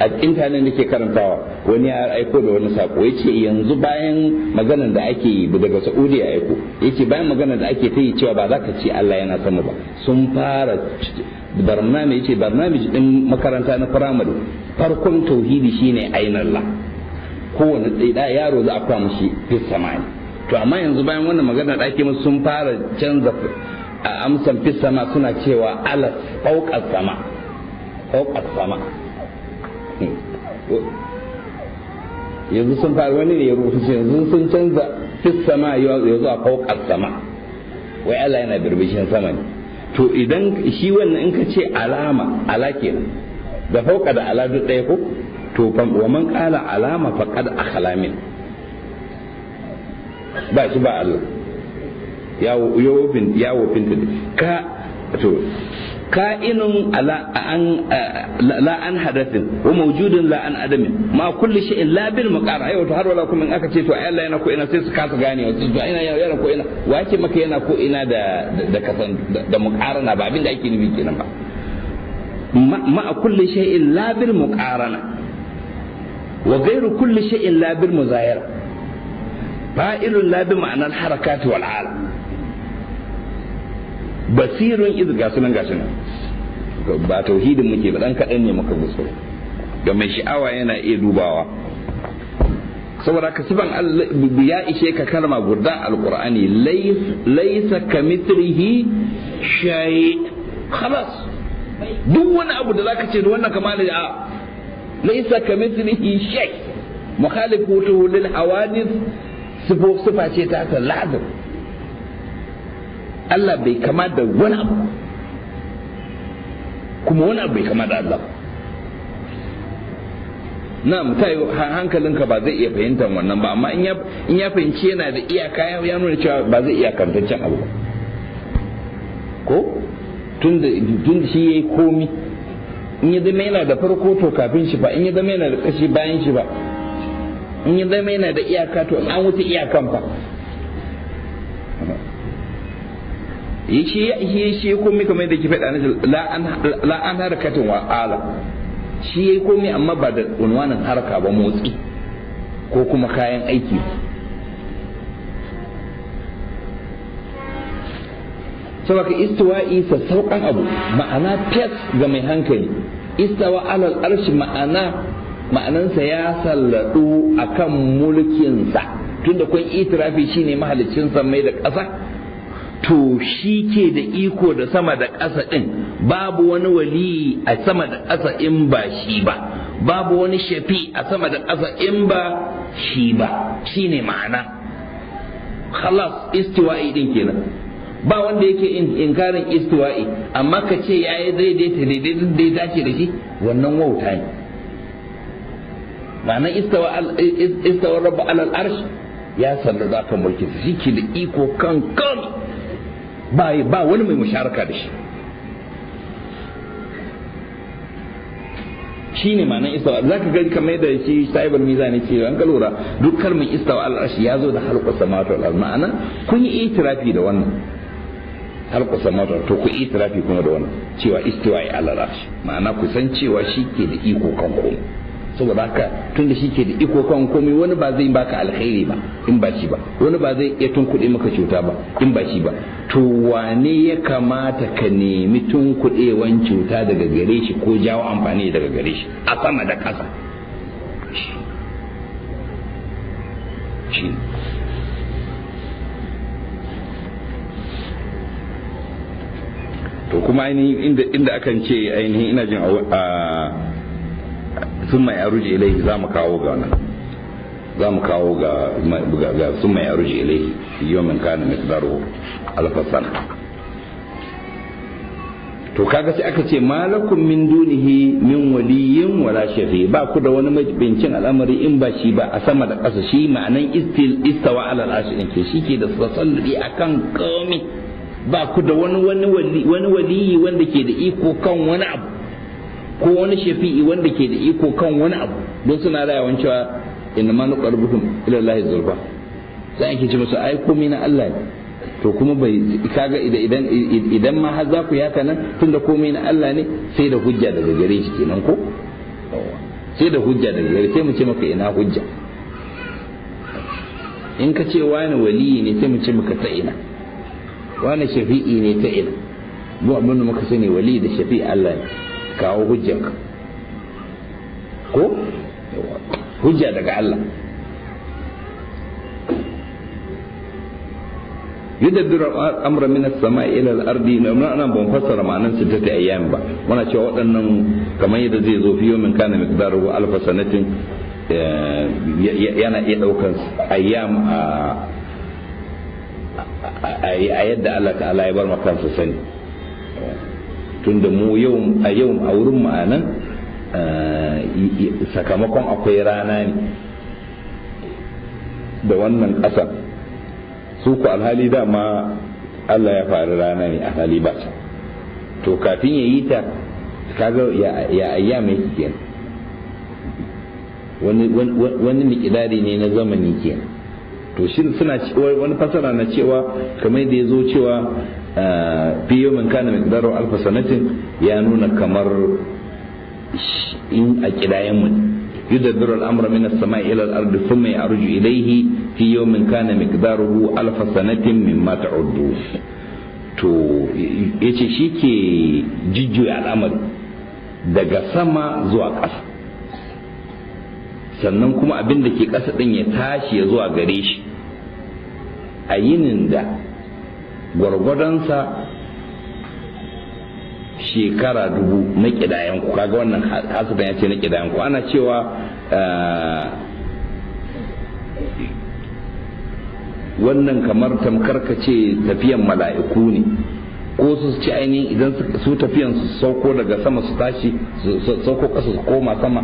a intanet nake karantawa wani ya aiko da wani sako yace yanzu bayan maganar da ake yi daga Saudi ya aiko yace bayan maganar da ake ta yi cewa ba za ka ce Allah yana sama ba sun fara barnamij yace barnamij din makaranta na firamare farkon tauhidi shine ainallah kowane ɗaya yaro za a kwa mushi fi samani to amma yanzu bayan wannan maganar da ake musu sun fara canza a amsan fi sama suna cewa ala fauqas sama fauqas sama hmm. yanzu sun fara wani ne ya rubuta yanzu sun canza fi sama ya zuwa fauqas sama wai Allah yana birbishin sama ne to idan shi wannan in ka ce alama ala ke da fauka da ala duk ɗaya ko to wa man kala alama faqad akhlamin ba shi ba Allah ya wofin tuli ka to ka'inun la'an hadafin wa maujudin la'an adamin ma kulli shi'in la bil muqara ai wato har wala kuma in aka ce to a yalla yana ko ina sai su kasa gane wa su ina yana ko'ina ina wa yake maka yana ko'ina da da kasan da muqarana ba abin da ake nufi kenan ba ma a kulli shi'in la bil muqarana wa ghayru kulli shi'in la bil muzayara fa'ilun la bi ma'na al harakat wal basirun iz ga sunan ga nan ba tauhidin muke ba dan kadan ne muka gusto ga mai sha'awa yana iya dubawa saboda ka sifan ya ishe ka kalma guda alqur'ani laysa kamithlihi shay khalas duk wani abu da zaka ce wannan kamar da laysa shayi shay mukhalifuhu lil hawadith sifo sifa ce ta lazim Allah bai kama da wani abu kuma wani abu bai kama da Allah na yi hankalinka ba zai iya fahimtar wannan ba amma in ya fahimci yana da iyaka ya nuna cewa ba zai iya kantaccen abu ba ko tun da shi ya yi komi in ya zama yana da farko to kafin shi ba in ya zama yana da ƙashi bayan shi ba in ya zama yana da iyaka to an wuce iyakan fa yake shi shi komai kamar da ke faɗa na la an harakatun wa ala shi yayi komai amma ba da unwanin haraka ba motsi ko kuma kayan aiki saboda istiwa'i sassauƙan abu ma'ana fes ga mai hankali istawa alal arshi ma'ana ma'anansa ya salladu akan mulkinsa tunda kun itirafi shine mahaliccin mai da ƙasa to shi ke da iko da sama da ƙasa ɗin babu wani wali a sama da ƙasa in ba shi ba babu wani shafi a sama da ƙasa in ba shi ba shi ne ma'ana khalas istiwa'i ɗin kenan ba wanda yake inkarin istiwa'i amma ka ce ya yi daidaita daidaita da ya dace da shi wannan wauta ne Ma'ana istawar rabba alal arsh ya ka zaka mulkinsa shi ke da iko kan kan ba ba wani mai musharaka da shi Shi ne ma'anar istawa ka gani kamar da shi saibul mizan yake an ka lura duk kalmar istawa al'arshi ya zo da halqu samawati wal ma'ana kun yi itirafi da wannan halqu samawati to ku itirafi kuma da wannan cewa istawa ya al'arshi ma'ana ku san cewa shi ke da iko kan komai saboda haka tun da shi ke da iko kan komai wani ba zai baka alkhairi ba in ba shi ba wani ba zai iya tunkuɗe maka cuta ba in ba shi ba to wane ya kamata ka nemi tun tunkuɗewan cuta daga gare shi ko jawo amfani daga gare shi a sama da ƙasa kuma ainihin inda akan ce ainihin ina jin sun mai aruji ilaihi za mu kawo ga wannan za mu kawo ga sun mai aruji ilaihi yomin kana miqdaru alfasana to kaga sai aka ce malakum min dunihi min waliyin wala shafi ba ku da wani majibincin al'amari in ba shi ba a sama da ƙasa shi ma'anan istil istawa ala al'ashi ke shi ke da a akan komai ba ku da wani wani waliyi wanda ke da iko kan wani abu ko wani shafi'i wanda ke da iko kan wani abu don suna raya cewa inna ma nuqarbuhum ila Allah zulfa sai ake ce musu ai komai na Allah ne to kuma bai kaga idan idan ma har za ku yaka nan tunda komai na Allah ne sai da hujja daga gare shi kenan ko sai da hujja daga gare sai mu ce maka ina hujja in ka ce wani waliyi ne sai mu ce maka ta ina wani shafi'i ne ta ina mu abin da muka sani waliyi da shafi'i Allah ne kawo hujjanka ko hujja daga Allah yudabbiru al'amra min as-sama'i ila al-ardi amma ana ban fassara ma'anar su ta ayyam ba muna cewa waɗannan kamar yadda zai zo fi yawmin kana miqdaru alf sanatin eh, yana iya daukan ayyam a yadda Allah ta'ala ya bar maka sani tunda mu yau a yau a wurin mu anan sakamakon akwai rana ne da wannan ƙasar su ku alhali dama Allah ya faru rana ne a alhali ba to kafin ya yi ta kaga ya ayya mai kenan wani wani mikidari ne na zamani kenan to shin suna wani fasara na cewa kamar da ya zo cewa fi yawmin kana miqdaru alfa sanatin ya nuna kamar in a kidayen mu yudabbiru al-amra min as-sama'i ila al-ardi thumma ya'ruju ilayhi fi yawmin kana miqdaruhu alfa sanatin mimma ta'uddu to yace shike al al'amari daga sama zuwa ƙasa sannan kuma abin da ke ƙasa ɗin ya tashi ya zuwa gare shi a yinin da gwargwadonsa shekara dubu na ƙidayenku kaga wannan hasudan ya ce na ƙidayenku ana cewa eh, wannan kamar tamkar ka ce tafiyan mala'iku ne ko su ci aini idan su tafiyan su sauko daga sama su tashi sauko ƙasa su koma sama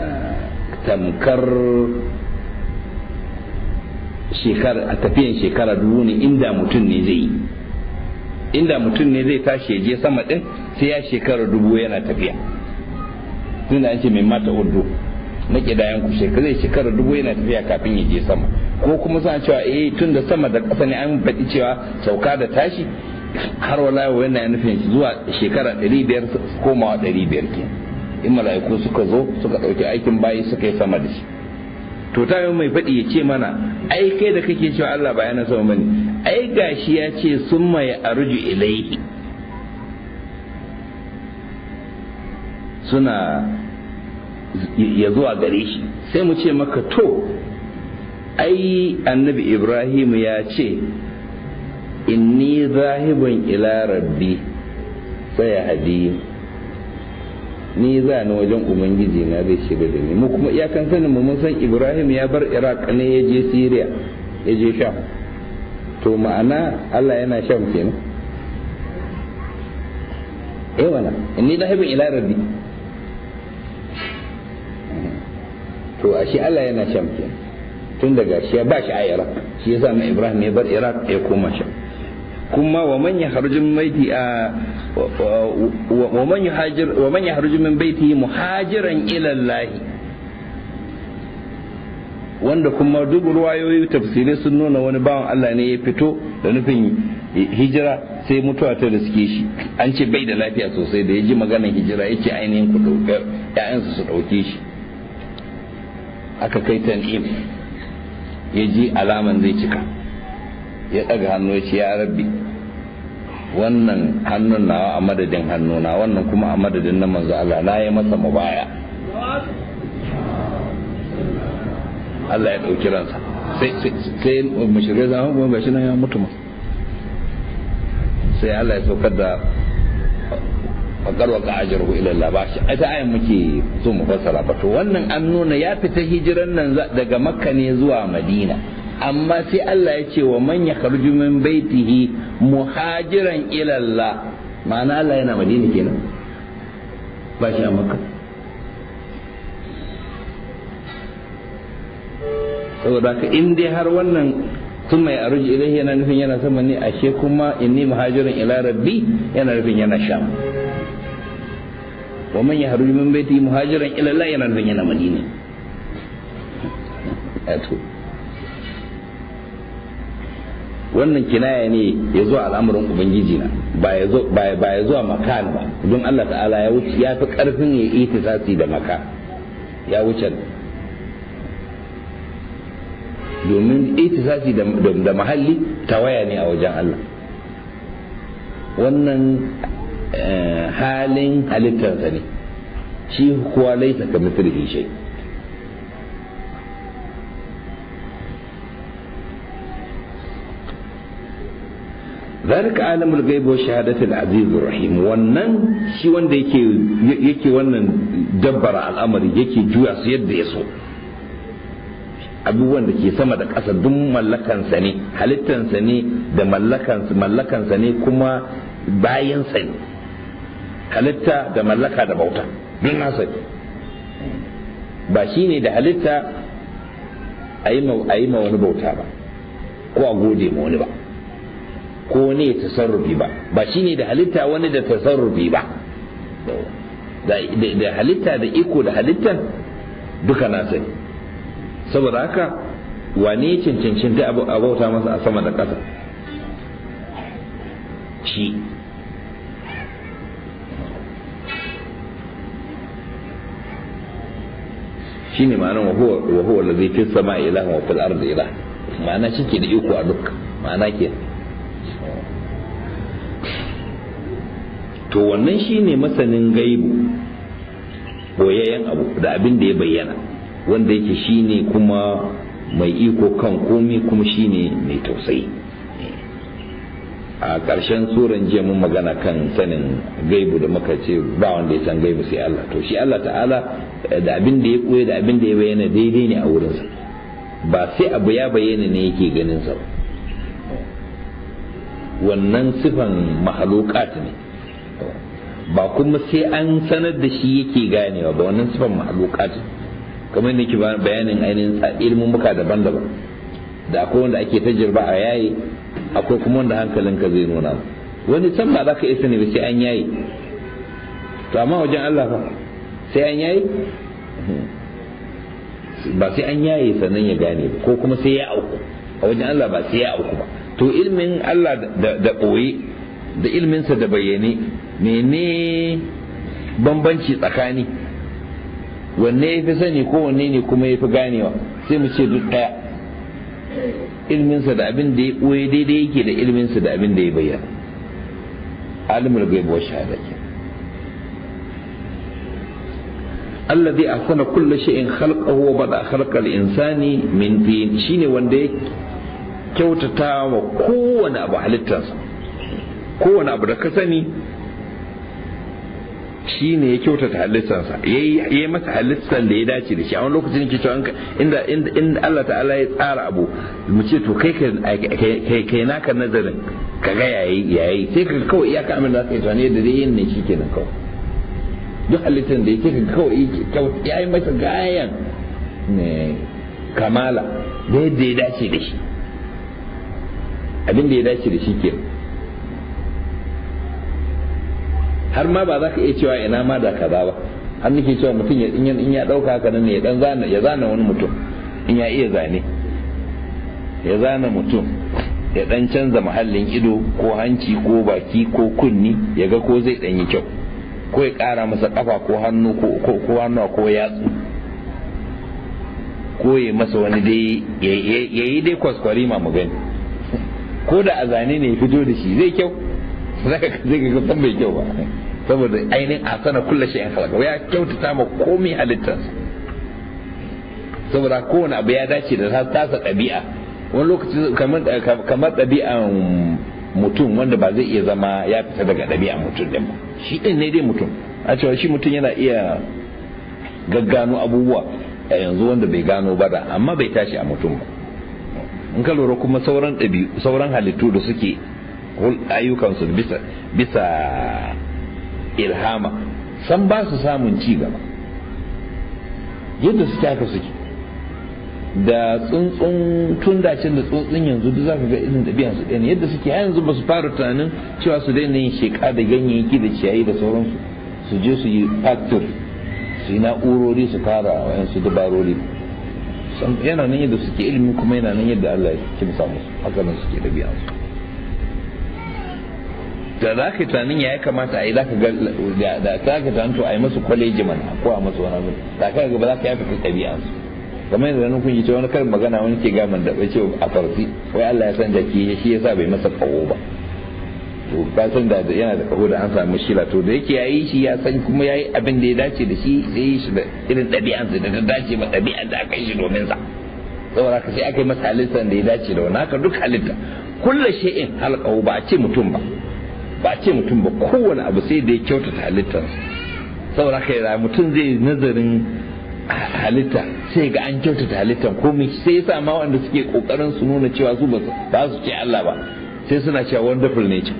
eh, tamkar shekar a tafiyan shekara dubu ne inda mutum ne zai inda mutum ne zai tashi je sama din sai ya shekara dubu yana tafiya tunda an ce mai mata urdu na kidayan ku shekara zai shekara dubu yana tafiya kafin ya je sama ko kuma suna cewa eh tun da sama da ƙasa ne an faɗi cewa sauka da tashi har wala yana nufin zuwa shekara 500 komawa 500 ke in mala'iku suka zo suka ɗauki aikin bayi suka yi sama da shi to ta mai faɗi ya ce mana ai kai da kake cewa Allah ba yana sama bane ai gashi ya ce maye a arju ilaihi suna ya zuwa gare shi sai mu ce maka to ai annabi ibrahim ya ce inni zahibun ila rabbi sai hadiyyu ni za ni wajen ubangiji na zai shiga da ni mu kuma kan sanin mu mun san ibrahim ya bar iraq ne ya je syria ya je sham to ma'ana allah yana sham kenan eh wala inni lahibin ila rabbi to ashe allah yana sham kenan tun daga shi ya ba shi a iraq shi yasa mu ibrahim ya bar iraq ya koma sham kuma wa man yakhruju min baiti wa man min baiti muhajiran ila Allah wanda kuma duk ruwayoyi tafsirai sun nuna wani bawan Allah ne ya fito da nufin hijira sai mutuwa ta riske shi an ce bai da lafiya sosai da ya ji maganar hijira ya ce ainihin ku ‘ya'yansu su dauke shi aka kai tan'im ya ji alaman zai cika ya ɗaga hannu ya ce ya rabbi wannan hannun nawa a madadin hannu na wannan kuma a madadin na manzo Allah na yi masa mubaya Allah ya ɗauki ransa sai sai mushrikai zama kuma ba shi nan ya mutu sai Allah ya saukar da fakar wa ka'ajar hu ila Allah ba shi ita ayan muke so mu fassara ba to wannan an nuna ya fita hijiran nan daga Makka ne zuwa Madina amma sai Allah ya ce wa man yakhruju min baitihi muhajiran ila Allah ma'ana Allah yana Madina kenan ba shi a Makka saboda haka in dai har wannan tun mai aruji ilahi yana nufin yana sama ne ashe kuma inni muhajirin ila rabbi yana nufin yana sham wa man yahruju min baiti muhajiran ila Allah yana nufin yana madina wannan kinaya ne ya zuwa al'amarin ubangiji na ba ya zuwa makan ba don Allah ta'ala ya wuce ya fi karfin ya itisasi da maka ya wuce domin itisasi da mahalli tawaya ne a wajen Allah wannan eh, halin halittarsa ne shi kuwa laifaka ka mithlihi zalika alamul gaibi wa shahadatul azizur wannan shi wanda yake yake wannan dabbara al'amari yake juya su yadda ya so abubuwan da ke sama da ƙasa duk mallakansa ne halittansa ne da mallakansa mallakansa ne kuma bayansa ne halitta da mallaka da bauta duk nasa ne ba shi ne da halitta a yi ma wani bauta ba ko a gode ma wani ba ko wani ya tasarrufi ba ba shine da halitta wani da tasarrufi ba da halitta da iko da halittan duka na sani saboda haka wane cancancin da abauta masa a sama da ƙasa shi shi ne ma'anar wahowar da zai fi sama ilah wa fil ardi ilah ma'ana shi ke da iko a duk ma'ana ke to wannan shine masanin gaibu boyayyen abu da abin da ya bayyana wanda yake shine kuma mai iko kan komi kuma shine mai tausayi a ƙarshen tsoron jiya mun magana kan sanin gaibu da muka ce ba wanda ya san gaibu sai Allah to shi Allah ta'ala eh, da abin da ya koya da abin da ya bayyana daidai ne a wurinsa ba sai abu ya bayyana ne yake ganin sa wannan sifan mahalukat ne ba kuma sai an sanar da shi yake ganewa ba wannan sifan mahaluka ce kamar yadda ke bayanin ainihin ilimin muka daban-daban da akwai wanda ake tajirba a yayi akwai kuma wanda hankalinka zai nuna wani can ba za ka iya sani ba sai an yayi to amma wajen Allah fa sai an yayi hmm. ba sai an yaye sannan ya gane ba ko kuma sai ya auku a wajen Allah ba sai ya auku ba to ilmin Allah da ɓoye da ilminsa da bayyane mene bambanci tsakani wanne ya fi sani ko wanne ne kuma ya fi ganewa sai mu ce duk ɗaya ilminsa da abin da ya ɓoye daidai yake da ilminsa da abin da ya bayyana alimul gaibuwar shahada ke alladhi ahsana kulli shay'in khalqahu wa bada khalqal insani min tin shine wanda ya kyautata wa kowane abu halittarsa kowane abu da ka sani shi ne ya kyautata halittarsa ya yi masa halittar da ya dace da shi a wani lokacin ke cewa inda inda Allah ta'ala ya tsara abu mu ce to kai kai naka nazarin ka ga yayi yayi sai ka kawai ya ka da ka yi tunani da dai yin ne shi kenan kawai duk halittar da ya ce kawai ya yi masa gayan kamala da yadda ya dace da shi abin da ya dace da shi kenan har ma ba za ka iya cewa ina ma da kaza ba har nake cewa mutum in ya ɗauka haka nan ne ya zana ya zana wani mutum in ya iya zane ya zana mutum ya dan canza mahallin ido ko hanci ko baki ko kunni ya ga ko zai dan yi kyau ko ya kara masa kafa ko hannu ko hannuwa ko yatsu ko ya masa wani dai ya yi dai kwaskwari ma gani ko da a zane ne ya fito da shi zai kyau zai ka san bai kyau ba saboda ainihin hasana shi 'yan khalaqa ya kyautata ma komai halittarsa saboda kowane abu ya dace da tasa ɗabi'a wani lokaci kamar ɗabi'an mutum wanda ba zai iya zama ya fita daga ɗabi'an mutum ɗin ba shi ɗin ne dai mutum a cewa shi mutum yana iya gaggano abubuwa a yanzu wanda bai gano ba da amma bai tashi a mutum ba in ka lura kuma sauran ɗabi'u sauran halittu da suke ayyukansu bisa bisa ilhama san ba su samun ci gaba yadda suke haka suke da tsuntsun tun da da tsuntsun yanzu duk za ka ga irin biyan su ɗaya yadda suke yanzu ba su fara tunanin cewa su daina yin sheƙa da ganyayyaki da ciyayi da sauransu su je su yi factor su yi na'urori su fara wayansu dabarori yana nan yadda suke ilimi kuma yana nan yadda Allah ya kimsa musu haka nan suke biyan su da za ka tunanin ya kamata a yi za ka ga da za ka tunanin to a yi masu kwaleji mana ko a masu wani abin da ka ga ba za ka yafi a su kamar yadda nan kun yi ta wani karin magana wani ke gaman da bai ce a farfi wai Allah ya san ke shi ya sa bai masa kawo ba to ka san da yana da kawo da an samu shila to da yake yi shi ya san kuma yayi abin da ya dace da shi zai yi shi da irin ɗabi'an da ta dace ba ɗabi'an da aka yi shi domin sa saboda ka sai aka yi masa halittar da ya dace da wani haka duk halitta kulla shi'in kawu ba a ce mutum ba ba ce mutum ba kowane abu sai da ya kyautata halittar saboda haka yara mutum zai nazarin halitta sai ga an kyautata halittar komai sai yasa ma wanda suke kokarin su nuna cewa su ba su ce Allah ba sai suna cewa wonderful nature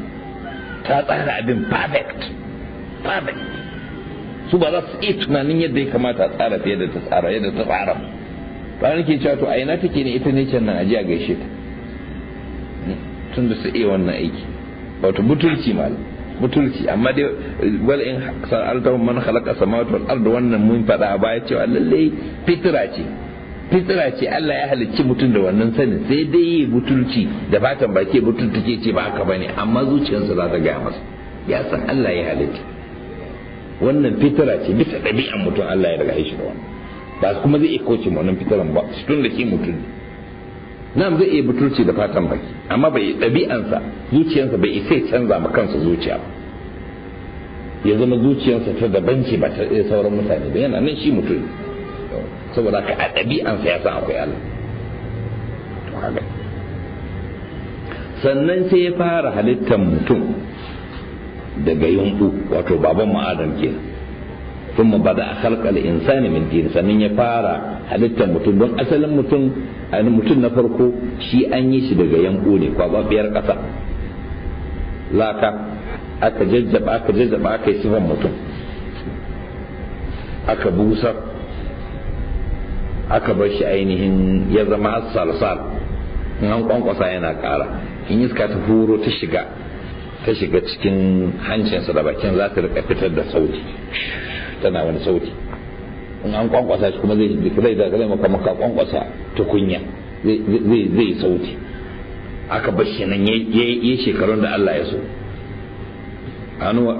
ta tsara abin perfect perfect su ba za su iya tunanin yadda ya kamata tsara fiye da ta tsara yadda ta tsara ba nake cewa to a ina take ne ita nature nan a gaishe ta hmm, tun da su iya wannan aiki wato butulci mal butulci amma dai wal in sa'alta man khalaqa samawati wal ard wannan mun fada a ya cewa lalle fitira ce fitira ce Allah ya halicci mutum da wannan sanin sai dai yi butulci da fatan baki butulci ke ce ba haka bane amma zuciyarsa za ta ga masa ya san Allah ya halicci wannan fitira ce bisa ɗabi'an mutum Allah ya riga shi da wannan ba kuma zai iya kauce wannan fitiran ba tun da shi mutum ne nan zai iya butulci da fatan baki amma bai ɗabi'ansa zuciyarsa bai isa canza ma kansa zuciya ba ya zama zuciyarsa ta daban ce ba ta sauran mutane ba yana nan shi mutum saboda ka a ɗabi'ansa ya san akwai Allah sannan sai ya fara halittar mutum daga yunɓu wato baban ma'adam kenan ثم بدا خلق الانسان من دين sannan ya fara halittar mutum don asalin mutum na farko shi an yi shi daga yanko ne kwababiyar kasa laka aka jajjaba aka jajjaba sifan mutum aka busa aka bar shi ainihin ya zama salsal in an kwankwasa yana ƙara in iska ta huro ta shiga ta shiga cikin hancinsa da bakin za ta rika fitar da sauti tana wani sauti in an kwankwasa shi kuma zai zai zai maka maka kwankwasa tukunya zai zai sauti aka bar shi nan yayi shekarun da Allah ya so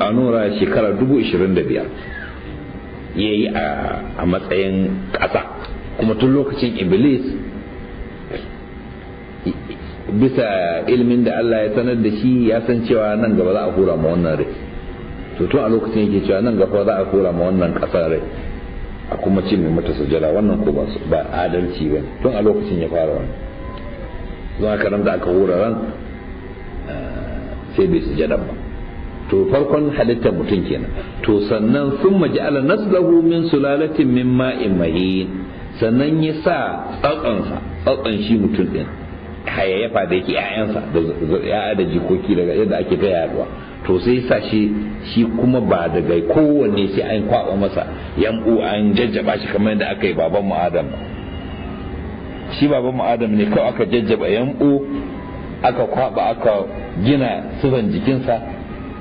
anura shekara dubu ishirin da biyar ya yi a matsayin ƙasa kuma tun lokacin iblis bisa ilmin da Allah ya sanar da shi ya san cewa nan gaba za a hura ma wannan rai to tun a lokacin yake cewa nan gaba za a kora ma wannan ƙasa rai a kuma ce mai mata sujada wannan ko ba adalci ba tun a lokacin ya fara wani zuwa karan da aka hura ran eh, sai bai sujada ba to farkon halittar mutum kenan to sannan sun maji ala naslahu min sulalatin min ma'in mahin sannan ya sa tsatsansa tsatsan shi mutum din hayayyafa da yake 'ya'yansa da ya'a da jikoki daga yadda ake ta yaduwa to sai sa shi shi kuma ba daga kowanne sai an kwaba masa uwa an jajjaba shi kamar yadda aka yi baban mu adam shi baban mu adam ne kawai aka jajjaba yanku aka kwaba aka gina sufan jikinsa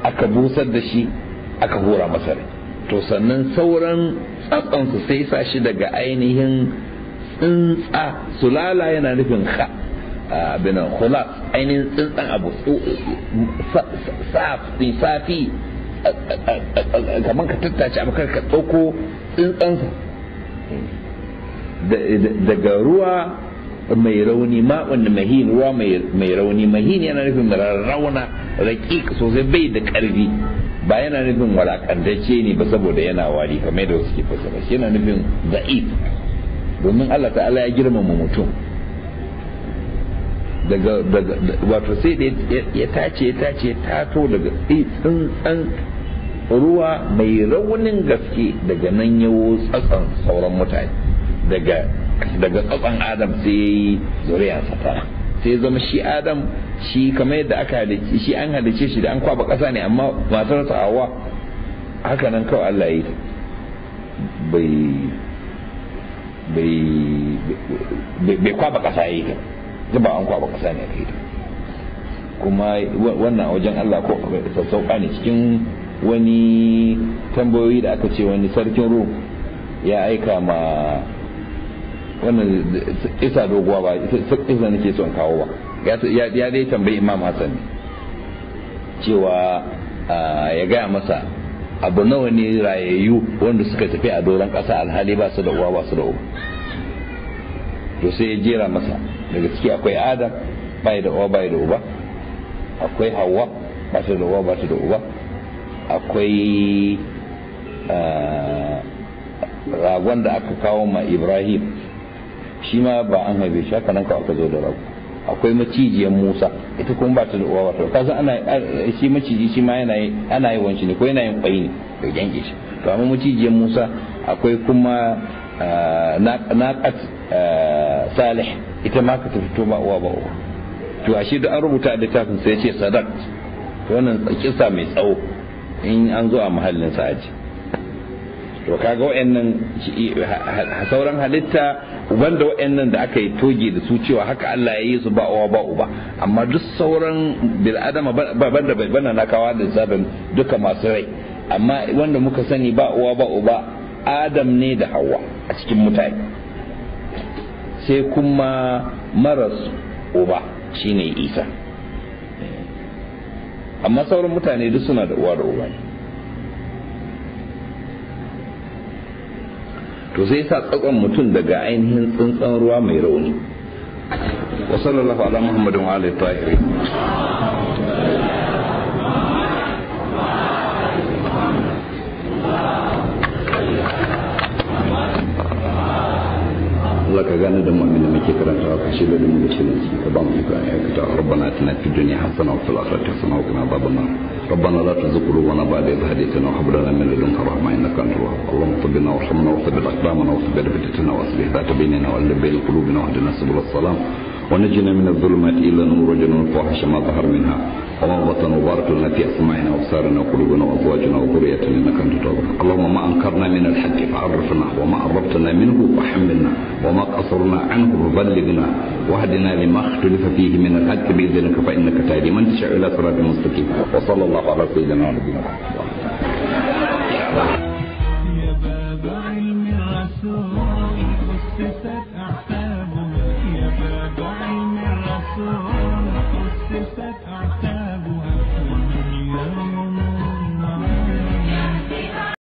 aka busar da shi aka hura masa rai to sannan sauran tsatsansu sai sa shi daga ainihin tsuntsa sulala yana nufin ka abin nan kula ainihin tsintsan abu safi safi kamar ka tattace abu ka tsoko tsintsansa daga ruwa mai rauni ma wani mahin ruwa mai rauni mahin yana nufin rauna raƙi sosai bai da ƙarfi ba yana nufin walakantacce ne ba saboda yana wari kamar da wasu ke fasara shi yana nufin za'if domin Allah ta'ala ya girmama mutum daga daga wato sai da ya tace ya tace ya tato daga tsitsin ruwa mai raunin gaske daga nan yawo tsatsan sauran mutane daga daga tsatsan adam sai ya yi sai zama shi adam shi kamar yadda aka halice shi an halice shi da an kwaba kasa ne amma matarsa awa haka nan kawai Allah ya yi ta bai bai kwaba ƙasa ya zuba an kwaba kasa ne kai kuma wannan wajen Allah ko sassauka ne cikin wani tambayoyi da aka ce wani sarkin rum ya aika ma wannan isa doguwa ba isa nake son kawo ba ya dai tambayi imam hassan cewa ya gaya masa abu nawa ne rayayyu wanda suka tafi a doron kasa alhali ba su da uwa ba su da uba to sai ya jera masa daga ciki akwai adam bai da uwa bai da uba akwai hawa ba ta da uwa ba ta da uba akwai eh, ragon da aka kawo ma ibrahim shi ma ba an haife shi haka nan ka aka zo da rago akwai macijiyar musa ita kuma ba ta da uwa ba ta kasu ana eh, shi maciji shi ma yana ana yi wanci ne ko yana yin kwai ne da gyange shi to amma macijiyar musa akwai kuma eh, naqat salih ita ma ka ta fito ba uwa ba uwa to ashe da an rubuta a littafin sai ce sadak wannan kisa mai tsawo in an zo a muhallin sa aji to kaga wayannan sauran halitta uban da wayannan da aka yi toge da su cewa haka Allah ya yi su ba uwa ba uba amma duk sauran bil adama ban da bana na kawa da zaben duka masu rai amma wanda muka sani ba uwa ba uba adam ne da hawa a cikin mutane sai kuma maras uba shine isa amma sauran mutane duk suna da uwa da uba ne to zai sa tsakon mutum daga ainihin tsantsan ruwa mai rauni Wasu ala muhammadin wa alihi tahirin الله كجانا دم من المكيكرا تعرف شيلة دم من الشيلة تبان ربنا اتنا في الدنيا حسنة وفي الآخرة حسنة وكنا باب النار ربنا لا تزغ قلوبنا بعد إذ هديتنا وهب لنا من لدنك رحمة إنك أنت الوهاب اللهم صبنا وارحمنا وثبت أقدامنا وثبت أبدتنا وأصلح ذات بيننا وألب بين قلوبنا واهدنا سبل السلام ونجنا من الظلمات إلى نور وجنا الفواحش ما ظهر منها اللهم وطن وبارك لنا في أسماعنا وأبصارنا وقلوبنا وأزواجنا وذريتنا إنك أنت التواب اللهم ما أنكرنا من الحق فعرفنا وما قربتنا منه فحملنا وما قصرنا عنه فبلغنا واهدنا لما اختلف فيه من الحق بإذنك فإنك تهدي من تشاء إلى صراط مستقيم وصلى الله على سيدنا ونبينا محمد